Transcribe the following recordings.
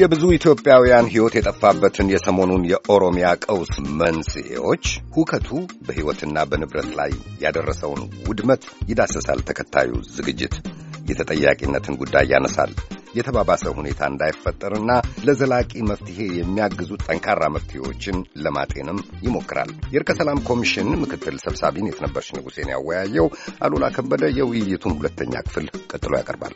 የብዙ ኢትዮጵያውያን ሕይወት የጠፋበትን የሰሞኑን የኦሮሚያ ቀውስ መንስኤዎች፣ ሁከቱ በሕይወትና በንብረት ላይ ያደረሰውን ውድመት ይዳሰሳል። ተከታዩ ዝግጅት የተጠያቂነትን ጉዳይ ያነሳል። የተባባሰ ሁኔታ እንዳይፈጠርና ለዘላቂ መፍትሄ የሚያግዙ ጠንካራ መፍትሄዎችን ለማጤንም ይሞክራል። የእርቀ ሰላም ኮሚሽን ምክትል ሰብሳቢን የትነበርሽ ንጉሴን ያወያየው አሉላ ከበደ የውይይቱን ሁለተኛ ክፍል ቀጥሎ ያቀርባል።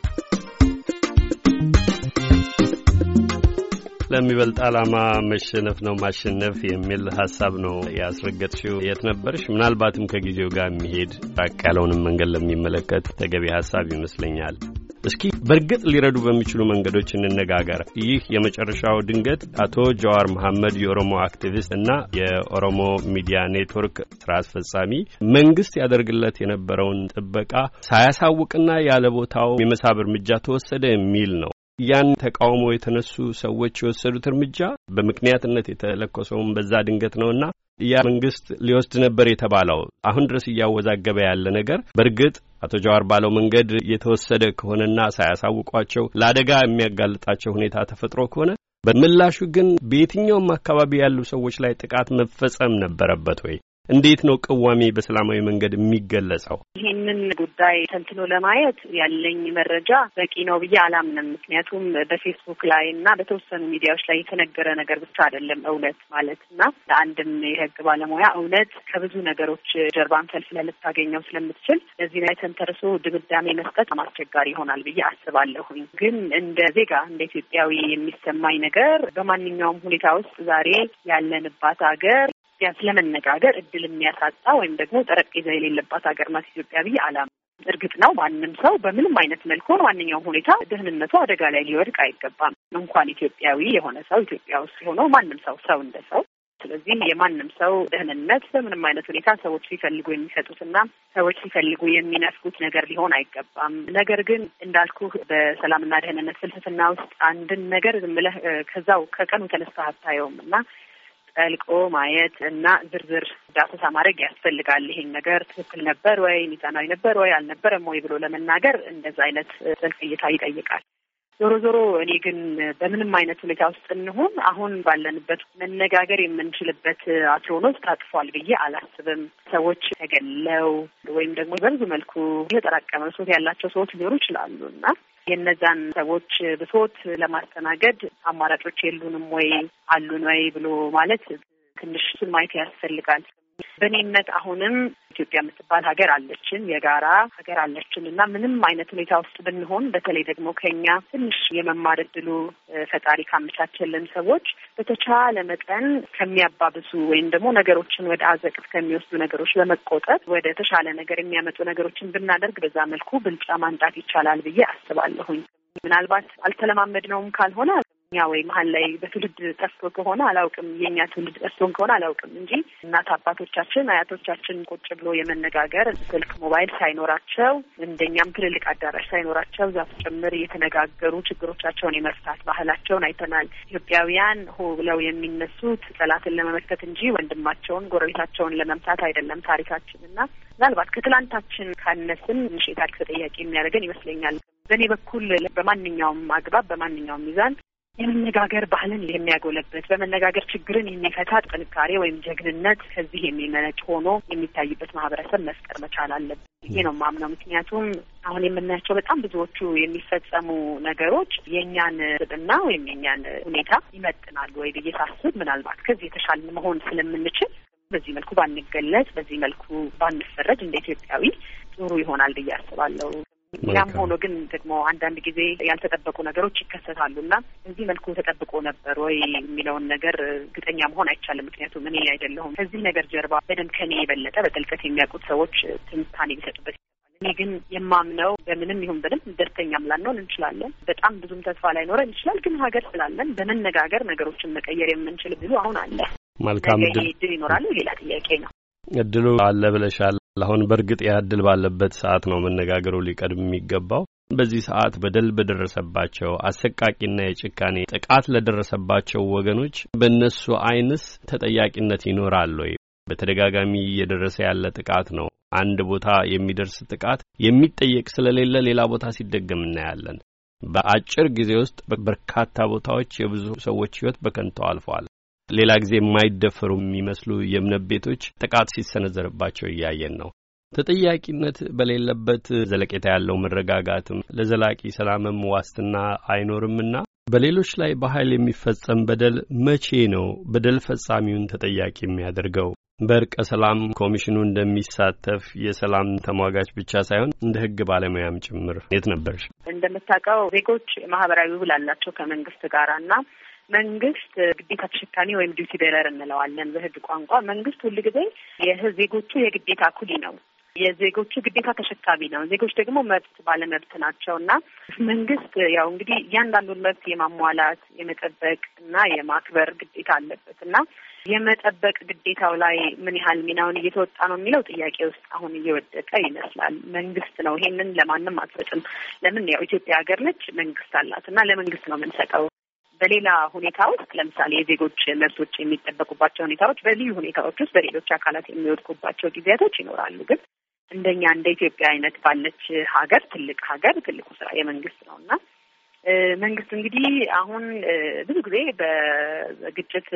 ለሚበልጥ አላማ መሸነፍ ነው ማሸነፍ የሚል ሀሳብ ነው ያስረገጥሽው። የት ነበርሽ? ምናልባትም ከጊዜው ጋር የሚሄድ ራቅ ያለውንም መንገድ ለሚመለከት ተገቢ ሀሳብ ይመስለኛል። እስኪ በእርግጥ ሊረዱ በሚችሉ መንገዶች እንነጋገር። ይህ የመጨረሻው ድንገት አቶ ጀዋር መሐመድ የኦሮሞ አክቲቪስት እና የኦሮሞ ሚዲያ ኔትወርክ ስራ አስፈጻሚ መንግስት ያደርግለት የነበረውን ጥበቃ ሳያሳውቅና ያለ ቦታው የመሳብ እርምጃ ተወሰደ የሚል ነው። ያን ተቃውሞ የተነሱ ሰዎች የወሰዱት እርምጃ በምክንያትነት የተለኮሰውን በዛ ድንገት ነውና ያ መንግስት ሊወስድ ነበር የተባለው አሁን ድረስ እያወዛገበ ያለ ነገር በእርግጥ አቶ ጀዋር ባለው መንገድ የተወሰደ ከሆነና ሳያሳውቋቸው ለአደጋ የሚያጋልጣቸው ሁኔታ ተፈጥሮ ከሆነ በምላሹ ግን በየትኛውም አካባቢ ያሉ ሰዎች ላይ ጥቃት መፈጸም ነበረበት ወይ? እንዴት ነው ቅዋሜ በሰላማዊ መንገድ የሚገለጸው? ይህንን ጉዳይ ተንትኖ ለማየት ያለኝ መረጃ በቂ ነው ብዬ አላምንም። ምክንያቱም በፌስቡክ ላይ እና በተወሰኑ ሚዲያዎች ላይ የተነገረ ነገር ብቻ አይደለም እውነት ማለት እና ለአንድም የህግ ባለሙያ እውነት ከብዙ ነገሮች ጀርባን ፈልፍለ ልታገኘው ስለምትችል ለዚህ ላይ ተንተርሶ ድምዳሜ መስጠት አስቸጋሪ ይሆናል ብዬ አስባለሁኝ። ግን እንደ ዜጋ እንደ ኢትዮጵያዊ የሚሰማኝ ነገር በማንኛውም ሁኔታ ውስጥ ዛሬ ያለንባት ሀገር ቢያንስ ለመነጋገር እድል የሚያሳጣ ወይም ደግሞ ጠረጴዛ የሌለባት ሀገር ናት ኢትዮጵያ ብዬ አላም። እርግጥ ነው ማንም ሰው በምንም አይነት መልኩ ማንኛውም ሁኔታ ደህንነቱ አደጋ ላይ ሊወድቅ አይገባም። እንኳን ኢትዮጵያዊ የሆነ ሰው ኢትዮጵያ ውስጥ ሆኖ ማንም ሰው ሰው እንደ ሰው ስለዚህ የማንም ሰው ደህንነት በምንም አይነት ሁኔታ ሰዎች ሲፈልጉ የሚሰጡትና ሰዎች ሲፈልጉ የሚነፍጉት ነገር ሊሆን አይገባም። ነገር ግን እንዳልኩ በሰላምና ደህንነት ፍልስፍና ውስጥ አንድን ነገር ዝም ብለህ ከዛው ከቀኑ ተነስተህ አታየውም እና ጠልቆ ማየት እና ዝርዝር ዳሰሳ ማድረግ ያስፈልጋል። ይሄን ነገር ትክክል ነበር ወይ ሚዛናዊ ነበር ወይ አልነበረም ወይ ብሎ ለመናገር እንደዛ አይነት ጥልቅ እይታ ይጠይቃል። ዞሮ ዞሮ እኔ ግን በምንም አይነት ሁኔታ ውስጥ እንሆን አሁን ባለንበት መነጋገር የምንችልበት አትሮኖስ ታጥፏል ብዬ አላስብም። ሰዎች ተገለው ወይም ደግሞ በብዙ መልኩ የተጠራቀመ ሶት ያላቸው ሰዎች ሊኖሩ ይችላሉ እና የእነዛን ሰዎች ብሶት ለማስተናገድ አማራጮች የሉንም ወይ አሉን ወይ ብሎ ማለት ትንሽ እሱን ማየት ያስፈልጋል። በእኔነት አሁንም ኢትዮጵያ የምትባል ሀገር አለችን፣ የጋራ ሀገር አለችን እና ምንም አይነት ሁኔታ ውስጥ ብንሆን በተለይ ደግሞ ከኛ ትንሽ የመማር እድሉ ፈጣሪ ካመቻቸልን ሰዎች በተቻለ መጠን ከሚያባብሱ ወይም ደግሞ ነገሮችን ወደ አዘቅት ከሚወስዱ ነገሮች ለመቆጠብ ወደ ተሻለ ነገር የሚያመጡ ነገሮችን ብናደርግ በዛ መልኩ ብልጫ ማንጣት ይቻላል ብዬ አስባለሁኝ። ምናልባት አልተለማመድ ነውም ካልሆነ እኛ ወይ መሀል ላይ በትውልድ ጠፍቶ ከሆነ አላውቅም፣ የእኛ ትውልድ ጠፍቶን ከሆነ አላውቅም እንጂ እናት አባቶቻችን አያቶቻችን ቁጭ ብሎ የመነጋገር ስልክ፣ ሞባይል ሳይኖራቸው እንደኛም ትልልቅ አዳራሽ ሳይኖራቸው ዛፍ ጭምር እየተነጋገሩ ችግሮቻቸውን የመፍታት ባህላቸውን አይተናል። ኢትዮጵያውያን ሆ ብለው የሚነሱት ጠላትን ለመመከት እንጂ ወንድማቸውን ጎረቤታቸውን ለመምታት አይደለም። ታሪካችን እና ምናልባት ከትላንታችን ካነስን ምሽ የታሪክ ተጠያቂ የሚያደርገን ይመስለኛል። በእኔ በኩል በማንኛውም አግባብ በማንኛውም ሚዛን የመነጋገር ባህልን የሚያጎለበት በመነጋገር ችግርን የሚፈታ ጥንካሬ ወይም ጀግንነት ከዚህ የሚመነጭ ሆኖ የሚታይበት ማህበረሰብ መፍጠር መቻል አለብን ይሄ ነው ማምነው ምክንያቱም አሁን የምናያቸው በጣም ብዙዎቹ የሚፈጸሙ ነገሮች የእኛን ስብዕና ወይም የእኛን ሁኔታ ይመጥናሉ ወይ ብዬ ሳስብ ምናልባት ከዚህ የተሻለ መሆን ስለምንችል በዚህ መልኩ ባንገለጽ፣ በዚህ መልኩ ባንፈረጅ እንደ ኢትዮጵያዊ ጥሩ ይሆናል ብዬ አስባለሁ። ያም ሆኖ ግን ደግሞ አንዳንድ ጊዜ ያልተጠበቁ ነገሮች ይከሰታሉ እና በዚህ መልኩ ተጠብቆ ነበር ወይ የሚለውን ነገር እርግጠኛ መሆን አይቻልም። ምክንያቱም እኔ አይደለሁም ከዚህ ነገር ጀርባ በደንብ ከኔ የበለጠ በጥልቀት የሚያውቁት ሰዎች ትንታኔ ቢሰጡበት እኔ ግን የማምነው በምንም ይሁን ብንም ደስተኛም ላንሆን እንችላለን። በጣም ብዙም ተስፋ ላይኖረን ይችላል። ግን ሀገር ስላለን በመነጋገር ነገሮችን መቀየር የምንችል ብዙ አሁን አለ። መልካም ድል ይኖራሉ። ሌላ ጥያቄ ነው። እድሉ አለ ብለሻል። አሁን በእርግጥ ያድል ባለበት ሰዓት ነው መነጋገሩ ሊቀድም የሚገባው። በዚህ ሰዓት በደል በደረሰባቸው አሰቃቂና የጭካኔ ጥቃት ለደረሰባቸው ወገኖች በእነሱ አይንስ ተጠያቂነት ይኖራል ወይ? በተደጋጋሚ እየደረሰ ያለ ጥቃት ነው። አንድ ቦታ የሚደርስ ጥቃት የሚጠየቅ ስለሌለ ሌላ ቦታ ሲደገም እናያለን። በአጭር ጊዜ ውስጥ በርካታ ቦታዎች የብዙ ሰዎች ሕይወት በከንቶ አልፏል። ሌላ ጊዜ የማይደፈሩ የሚመስሉ የእምነት ቤቶች ጥቃት ሲሰነዘርባቸው እያየን ነው። ተጠያቂነት በሌለበት ዘለቄታ ያለው መረጋጋትም ለዘላቂ ሰላምም ዋስትና አይኖርምና በሌሎች ላይ በኃይል የሚፈጸም በደል መቼ ነው በደል ፈጻሚውን ተጠያቂ የሚያደርገው? በእርቀ ሰላም ኮሚሽኑ እንደሚሳተፍ የሰላም ተሟጋች ብቻ ሳይሆን እንደ ሕግ ባለሙያም ጭምር የት ነበርሽ? እንደምታውቀው ዜጎች ማህበራዊ ውል አላቸው ከመንግስት ጋር እና መንግስት ግዴታ ተሸካሚ ወይም ዲዩቲ ቤረር እንለዋለን በህግ ቋንቋ። መንግስት ጊዜ የዜጎቹ የግዴታ ኩሊ ነው። የዜጎቹ ግዴታ ተሸካሚ ነው። ዜጎች ደግሞ መብት ባለመብት ናቸው እና መንግስት ያው እንግዲህ እያንዳንዱን መብት የማሟላት የመጠበቅ እና የማክበር ግዴታ አለበት እና የመጠበቅ ግዴታው ላይ ምን ያህል ሚናውን እየተወጣ ነው የሚለው ጥያቄ ውስጥ አሁን እየወደቀ ይመስላል። መንግስት ነው ይሄንን ለማንም አትሰጥም። ለምን ያው ኢትዮጵያ ሀገር ነች፣ መንግስት አላት እና ለመንግስት ነው የምንሰጠው በሌላ ሁኔታ ውስጥ ለምሳሌ የዜጎች መብቶች የሚጠበቁባቸው ሁኔታዎች በልዩ ሁኔታዎች ውስጥ በሌሎች አካላት የሚወድቁባቸው ጊዜያቶች ይኖራሉ። ግን እንደኛ እንደ ኢትዮጵያ አይነት ባለች ሀገር ትልቅ ሀገር ትልቁ ስራ የመንግስት ነው እና መንግስት እንግዲህ አሁን ብዙ ጊዜ በግጭት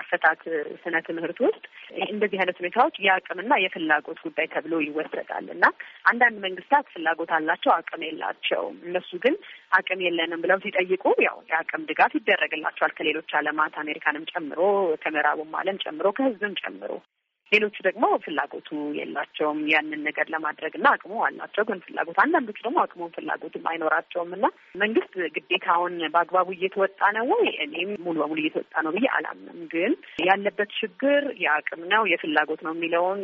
አፈታት ስነ ትምህርት ውስጥ እንደዚህ አይነት ሁኔታዎች የአቅምና የፍላጎት ጉዳይ ተብሎ ይወሰዳል እና አንዳንድ መንግስታት ፍላጎት አላቸው፣ አቅም የላቸውም። እነሱ ግን አቅም የለንም ብለው ሲጠይቁ ያው የአቅም ድጋፍ ይደረግላቸዋል ከሌሎች ዓለማት አሜሪካንም ጨምሮ ከምዕራቡም ዓለም ጨምሮ ከህዝብም ጨምሮ ሌሎቹ ደግሞ ፍላጎቱ የላቸውም ያንን ነገር ለማድረግ እና አቅሙ አላቸው፣ ግን ፍላጎት አንዳንዶቹ ደግሞ አቅሙን ፍላጎትም አይኖራቸውም እና መንግስት ግዴታውን በአግባቡ እየተወጣ ነው ወይ? እኔም ሙሉ በሙሉ እየተወጣ ነው ብዬ አላምንም። ግን ያለበት ችግር የአቅም ነው የፍላጎት ነው የሚለውን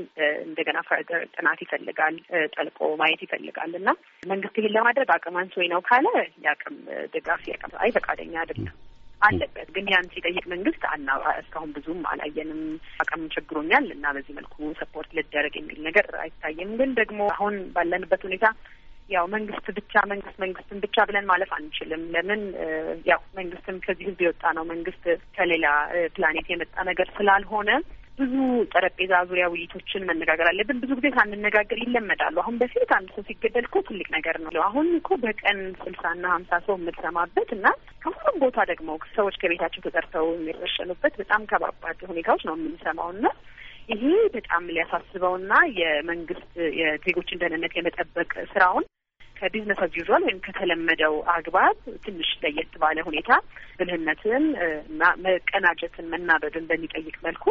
እንደገና ፈርደር ጥናት ይፈልጋል፣ ጠልቆ ማየት ይፈልጋል እና መንግስት ይህን ለማድረግ አቅም ወይ ነው ካለ የአቅም ድጋፍ አይ ፈቃደኛ አይደለም። አለበት። ግን ያን ሲጠይቅ መንግስት አና እስካሁን ብዙም አላየንም። አቅም ቸግሮኛል እና በዚህ መልኩ ሰፖርት ልደረግ የሚል ነገር አይታይም። ግን ደግሞ አሁን ባለንበት ሁኔታ ያው መንግስት ብቻ መንግስት መንግስትን ብቻ ብለን ማለፍ አንችልም። ለምን ያው መንግስትም ከዚህ ህዝብ የወጣ ነው። መንግስት ከሌላ ፕላኔት የመጣ ነገር ስላልሆነ ብዙ ጠረጴዛ ዙሪያ ውይይቶችን መነጋገር አለብን። ብዙ ጊዜ ሳንነጋገር ይለመዳሉ። አሁን በፊት አንድ ሰው ሲገደል እኮ ትልቅ ነገር ነው። አሁን እኮ በቀን ስልሳና ሀምሳ ሰው የምትሰማበት እና ከሁሉም ቦታ ደግሞ ሰዎች ከቤታቸው ተጠርተው የሚረሸኑበት በጣም ከባባድ ሁኔታዎች ነው የምንሰማው እና ይሄ በጣም ሊያሳስበውና የመንግስት የዜጎችን ደህንነት የመጠበቅ ስራውን ከቢዝነስ አዝ ወይም ከተለመደው አግባብ ትንሽ ለየት ባለ ሁኔታ ብልህነትን እና መቀናጀትን መናበብን በሚጠይቅ መልኩ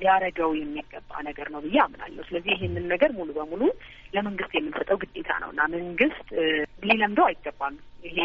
ሊያረገው የሚገባ ነገር ነው ብዬ አምናለሁ። ስለዚህ ይህንን ነገር ሙሉ በሙሉ ለመንግስት የምንሰጠው ግዴታ ነው እና መንግስት ሊለምደው አይገባም። ይሄ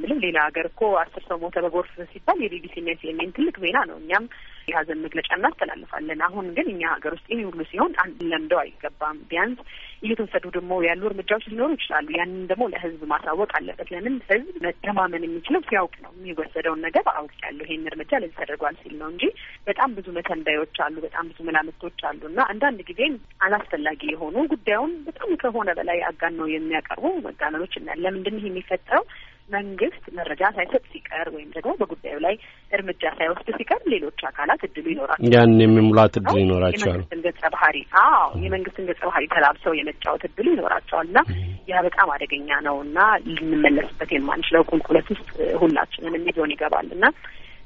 ምንም ሌላ ሀገር እኮ አስር ሰው ሞተ በጎርፍ ሲባል የቢቢሲ እና ሲኤምኤን ትልቅ ዜና ነው። እኛም የሀዘን መግለጫ እናስተላልፋለን። አሁን ግን እኛ ሀገር ውስጥ ይህ ሁሉ ሲሆን ለምደው አይገባም። ቢያንስ እየተወሰዱ ደግሞ ያሉ እርምጃዎች ሊኖሩ ይችላሉ። ያንን ደግሞ ለህዝብ ማሳወቅ አለበት። ለምን ህዝብ መተማመን የሚችለው ሲያውቅ ነው። የሚወሰደውን ነገር አውቅ ያለው ይህን እርምጃ ለዚህ ተደርጓል ሲል ነው እንጂ በጣም ብዙ መተንዳዮች አሉ፣ በጣም ብዙ መላምቶች አሉ እና አንዳንድ ጊዜም አላስፈላጊ የሆኑ ጉዳዩን በጣም ከሆነ በላይ አጋን ነው የሚያቀርቡ መጋነኖች እናያለን። ለምንድን ይህ የሚፈጠረው መንግስት መረጃ ሳይሰጥ ሲቀር ወይም ደግሞ በጉዳዩ ላይ እርምጃ ሳይወስድ ሲቀር ሌሎች አካላት እድሉ ይኖራቸዋል። ያን የሚሙላት እድሉ ይኖራቸዋል። የመንግስትን ገጸ ባህሪ አዎ፣ የመንግስትን ገጸ ባህሪ ተላብሰው የመጫወት እድሉ ይኖራቸዋል እና ያ በጣም አደገኛ ነው እና ልንመለስበት የማንችለው ቁልቁለት ውስጥ ሁላችንን የሚዞን ይገባል እና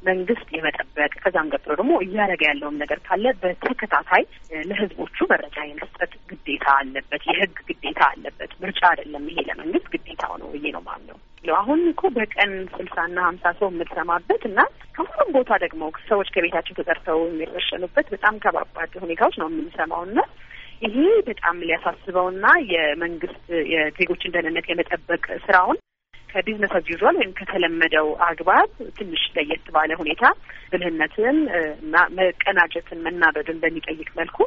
መንግስት የመጠበቅ ከዛም ቀጥሎ ደግሞ እያደረገ ያለውም ነገር ካለ በተከታታይ ለህዝቦቹ መረጃ የመስጠት ግዴታ አለበት። የህግ ግዴታ አለበት። ምርጫ አይደለም ይሄ ለመንግስት ግዴታው ነው ብዬ ነው ማምነው። ናቸው። አሁን እኮ በቀን ስልሳና ሀምሳ ሰው የምትሰማበት እና ከሁሉም ቦታ ደግሞ ሰዎች ከቤታቸው ተጠርተው የሚረሸኑበት በጣም ከባባድ ሁኔታዎች ነው የምንሰማው እና ይሄ በጣም ሊያሳስበውና የመንግስት የዜጎችን ደህንነት የመጠበቅ ስራውን ከቢዝነስ አዝ ወይም ከተለመደው አግባብ ትንሽ ለየት ባለ ሁኔታ ብልህነትን እና መቀናጀትን መናበድን በሚጠይቅ መልኩ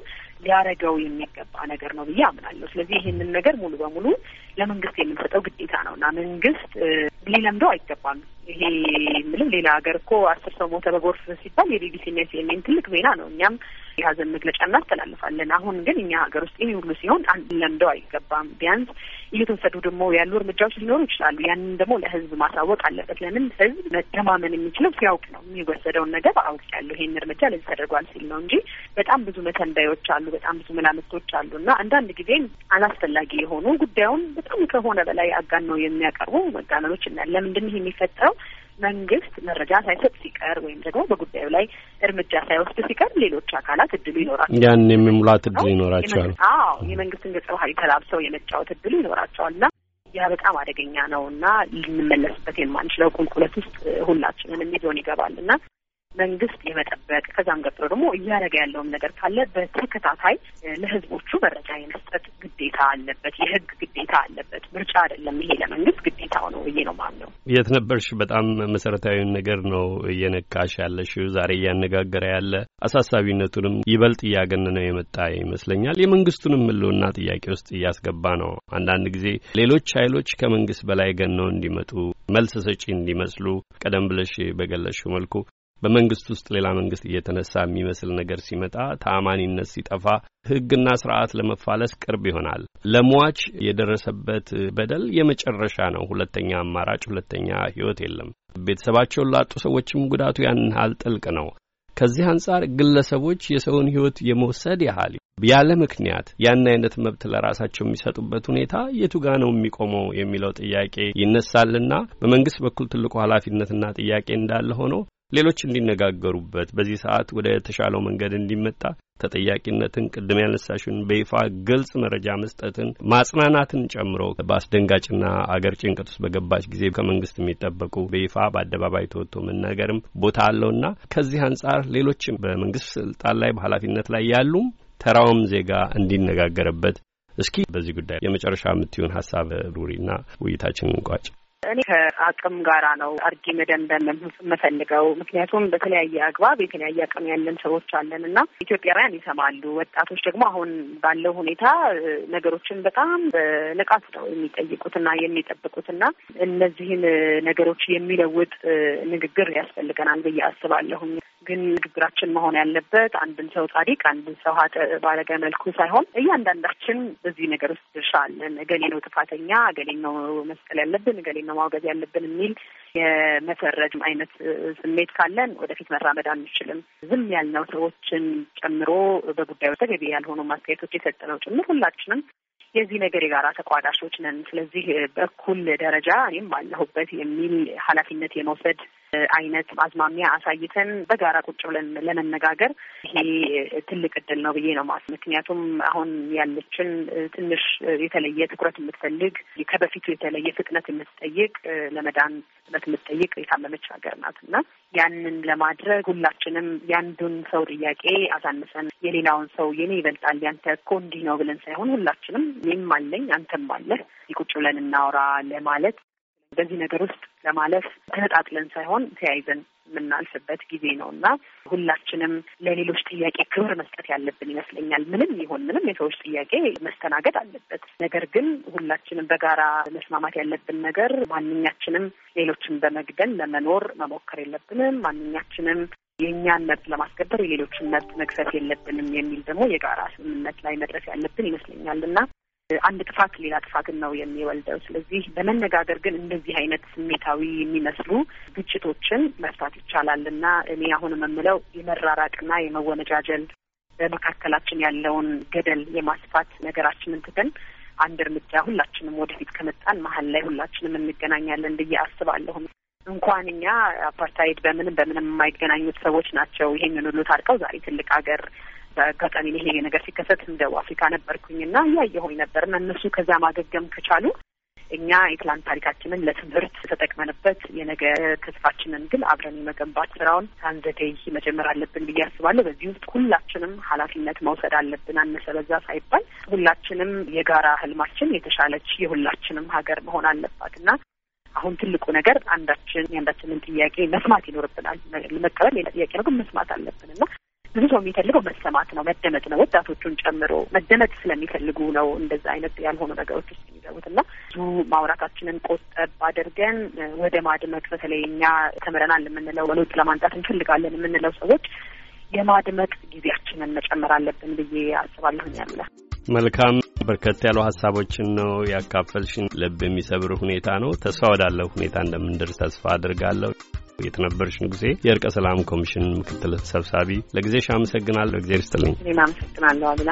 ሊያረገው የሚገባ ነገር ነው ብዬ አምናለሁ። ስለዚህ ይህንን ነገር ሙሉ በሙሉ ለመንግስት የምንሰጠው ግዴታ ነው እና መንግስት ሊለምደው አይገባም። ይሄ ምንም ሌላ ሀገር እኮ አስር ሰው ሞተ በጎርፍ ሲባል የቢቢሲና የሲኤንኤን ትልቅ ዜና ነው። እኛም የሀዘን መግለጫ እናስተላልፋለን። አሁን ግን እኛ ሀገር ውስጥ ይህ ሁሉ ሲሆን ሊለምደው አይገባም። ቢያንስ እየተወሰዱ ደግሞ ያሉ እርምጃዎች ሊኖሩ ይችላሉ። ያንን ደግሞ ለህዝብ ማሳወቅ አለበት። ለምን ህዝብ መተማመን የሚችለው ሲያውቅ ነው። የሚወሰደውን ነገር አውቅ ያለው ይህን እርምጃ ለዚህ ተደርጓል ሲል ነው እንጂ በጣም ብዙ መተንዳዮች አሉ፣ በጣም ብዙ መላምቶች አሉ እና አንዳንድ ጊዜም አላስፈላጊ የሆኑ ጉዳዩን በጣም ከሆነ በላይ አጋን ነው የሚያቀርቡ መጋነኖች ይመስለኛል። ለምንድን ይህ የሚፈጠረው? መንግስት መረጃ ሳይሰጥ ሲቀር ወይም ደግሞ በጉዳዩ ላይ እርምጃ ሳይወስድ ሲቀር ሌሎች አካላት እድሉ ይኖራቸዋል። ያን የሚሙላት እድሉ ይኖራቸዋል። አዎ የመንግስትን ገጸ ባህሪ ተላብሰው የመጫወት እድሉ ይኖራቸዋል እና ያ በጣም አደገኛ ነው እና ልንመለስበት የማንችለው ቁልቁለት ውስጥ ሁላችንን የሚዞን ይገባል እና መንግስት የመጠበቅ ከዛም ቀጥሎ ደግሞ እያደረገ ያለውም ነገር ካለ በተከታታይ ለህዝቦቹ መረጃ የመስጠት ግዴታ አለበት። የህግ ግዴታ አለበት። ምርጫ አይደለም ይሄ ለመንግስት ግዴታው ነው ብዬ ነው ማምነው። የት ነበርሽ? በጣም መሰረታዊን ነገር ነው እየነካሽ ያለሽው። ዛሬ እያነጋገረ ያለ አሳሳቢነቱንም ይበልጥ እያገነነው የመጣ ይመስለኛል። የመንግስቱንም ህልውና ጥያቄ ውስጥ እያስገባ ነው። አንዳንድ ጊዜ ሌሎች ኃይሎች ከመንግስት በላይ ገነው እንዲመጡ መልስ ሰጪ እንዲመስሉ ቀደም ብለሽ በገለሽው መልኩ በመንግስት ውስጥ ሌላ መንግስት እየተነሳ የሚመስል ነገር ሲመጣ፣ ተአማኒነት ሲጠፋ፣ ህግና ስርዓት ለመፋለስ ቅርብ ይሆናል። ለሟች የደረሰበት በደል የመጨረሻ ነው። ሁለተኛ አማራጭ፣ ሁለተኛ ህይወት የለም። ቤተሰባቸውን ላጡ ሰዎችም ጉዳቱ ያን ያህል ጥልቅ ነው። ከዚህ አንጻር ግለሰቦች የሰውን ህይወት የመውሰድ ያህል ያለ ምክንያት ያን አይነት መብት ለራሳቸው የሚሰጡበት ሁኔታ የቱ ጋ ነው የሚቆመው የሚለው ጥያቄ ይነሳልና በመንግስት በኩል ትልቁ ኃላፊነትና ጥያቄ እንዳለ ሆኖ ሌሎች እንዲነጋገሩበት በዚህ ሰዓት ወደ ተሻለው መንገድ እንዲመጣ ተጠያቂነትን ቅድም ያነሳሽን በይፋ ግልጽ መረጃ መስጠትን ማጽናናትን ጨምሮ በአስደንጋጭና አገር ጭንቀት ውስጥ በገባች ጊዜ ከመንግስት የሚጠበቁ በይፋ በአደባባይ ተወጥቶ መናገርም ቦታ አለውና ከዚህ አንጻር ሌሎችም በመንግስት ስልጣን ላይ በኃላፊነት ላይ ያሉም ተራውም ዜጋ እንዲነጋገርበት እስኪ በዚህ ጉዳይ የመጨረሻ የምትሆን ሀሳብ ሩሪና ውይይታችን እንቋጭ። እኔ ከአቅም ጋራ ነው አርጊ መደምደም የምፈልገው። ምክንያቱም በተለያየ አግባብ የተለያየ አቅም ያለን ሰዎች አለን እና ኢትዮጵያውያን ይሰማሉ። ወጣቶች ደግሞ አሁን ባለው ሁኔታ ነገሮችን በጣም በንቃት ነው የሚጠይቁትና የሚጠብቁትና እነዚህን ነገሮች የሚለውጥ ንግግር ያስፈልገናል ብዬ አስባለሁኝ። ግን ንግግራችን መሆን ያለበት አንድን ሰው ጻዲቅ አንድን ሰው ሀጥ ባረገ መልኩ ሳይሆን እያንዳንዳችን በዚህ ነገር ውስጥ ድርሻ አለን። እገሌ ነው ጥፋተኛ፣ እገሌ ነው መስቀል ያለብን፣ እገሌ ነው ማውገዝ ያለብን የሚል የመፈረጅ አይነት ስሜት ካለን ወደፊት መራመድ አንችልም። ዝም ያልነው ሰዎችን ጨምሮ በጉዳዩ ተገቢ ያልሆኑ ማስተያየቶች የሰጠነው ጭምር ሁላችንም የዚህ ነገር የጋራ ተቋዳሾች ነን። ስለዚህ በእኩል ደረጃ እኔም ባለሁበት የሚል ኃላፊነት የመውሰድ አይነት አዝማሚያ አሳይተን በጋራ ቁጭ ብለን ለመነጋገር ይሄ ትልቅ እድል ነው ብዬ ነው ማለት። ምክንያቱም አሁን ያለችን ትንሽ የተለየ ትኩረት የምትፈልግ ከበፊቱ የተለየ ፍጥነት የምትጠይቅ ለመዳን ፍጥነት የምትጠይቅ የታመመች ሀገር ናት እና ያንን ለማድረግ ሁላችንም ያንዱን ሰው ጥያቄ አሳንሰን የሌላውን ሰው የኔ ይበልጣል ያንተ እኮ እንዲህ ነው ብለን ሳይሆን ሁላችንም እኔም አለኝ አንተም አለህ ቁጭ ብለን እናውራ ለማለት በዚህ ነገር ውስጥ ለማለፍ ተነጣጥለን ሳይሆን ተያይዘን የምናልፍበት ጊዜ ነው እና ሁላችንም ለሌሎች ጥያቄ ክብር መስጠት ያለብን ይመስለኛል። ምንም ይሁን ምንም የሰዎች ጥያቄ መስተናገድ አለበት። ነገር ግን ሁላችንም በጋራ መስማማት ያለብን ነገር ማንኛችንም ሌሎችን በመግደል ለመኖር መሞከር የለብንም። ማንኛችንም የእኛን መብት ለማስከበር የሌሎችን መብት መግፈፍ የለብንም የሚል ደግሞ የጋራ ስምምነት ላይ መድረስ ያለብን ይመስለኛል እና አንድ ጥፋት ሌላ ጥፋትን ነው የሚወልደው። ስለዚህ በመነጋገር ግን እንደዚህ አይነት ስሜታዊ የሚመስሉ ግጭቶችን መፍታት ይቻላል እና እኔ አሁን የምምለው የመራራቅና የመወነጃጀል በመካከላችን ያለውን ገደል የማስፋት ነገራችንን ትተን አንድ እርምጃ ሁላችንም ወደፊት ከመጣን መሀል ላይ ሁላችንም እንገናኛለን ብዬ አስባለሁም እንኳን እኛ አፓርታይድ በምንም በምንም የማይገናኙት ሰዎች ናቸው ይሄንን ሁሉ ታርቀው ዛሬ ትልቅ ሀገር በአጋጣሚ ይሄ ነገር ሲከሰት ደቡብ አፍሪካ ነበርኩኝ እና እያየሁኝ ነበር እና እነሱ ከዛ ማገገም ከቻሉ እኛ የትላንት ታሪካችንን ለትምህርት ተጠቅመንበት የነገ ተስፋችንን ግን አብረን የመገንባት ስራውን ሳንዘገይ መጀመር አለብን ብዬ አስባለሁ። በዚህ ውስጥ ሁላችንም ኃላፊነት መውሰድ አለብን፣ አነሰ በዛ ሳይባል ሁላችንም የጋራ ህልማችን የተሻለች የሁላችንም ሀገር መሆን አለባት እና አሁን ትልቁ ነገር አንዳችን የአንዳችንን ጥያቄ መስማት ይኖርብናል። መቀበል ሌላ ጥያቄ ነው፣ ግን መስማት አለብን እና ብዙ ሰው የሚፈልገው መሰማት ነው፣ መደመጥ ነው። ወጣቶቹን ጨምሮ መደመጥ ስለሚፈልጉ ነው እንደዛ አይነት ያልሆኑ ነገሮች ውስጥ የሚገቡት እና ብዙ ማውራታችንን ቆጠብ አድርገን ወደ ማድመጥ በተለይ እኛ ተምረናል የምንለው ወደ ለማንጣት እንፈልጋለን የምንለው ሰዎች የማድመጥ ጊዜያችንን መጨመር አለብን ብዬ አስባለሁኝ ያሉላ መልካም በርከት ያሉ ሀሳቦችን ነው ያካፈልሽን። ልብ የሚሰብር ሁኔታ ነው። ተስፋ ወዳለው ሁኔታ እንደምንደርስ ተስፋ አድርጋለሁ። የተነበረች ንጉሴ የእርቀ ሰላም ኮሚሽን ምክትል ሰብሳቢ፣ ለጊዜሽ አመሰግናለሁ። እግዜር ይስጥልኝ። እኔም አመሰግናለሁ አሉላ።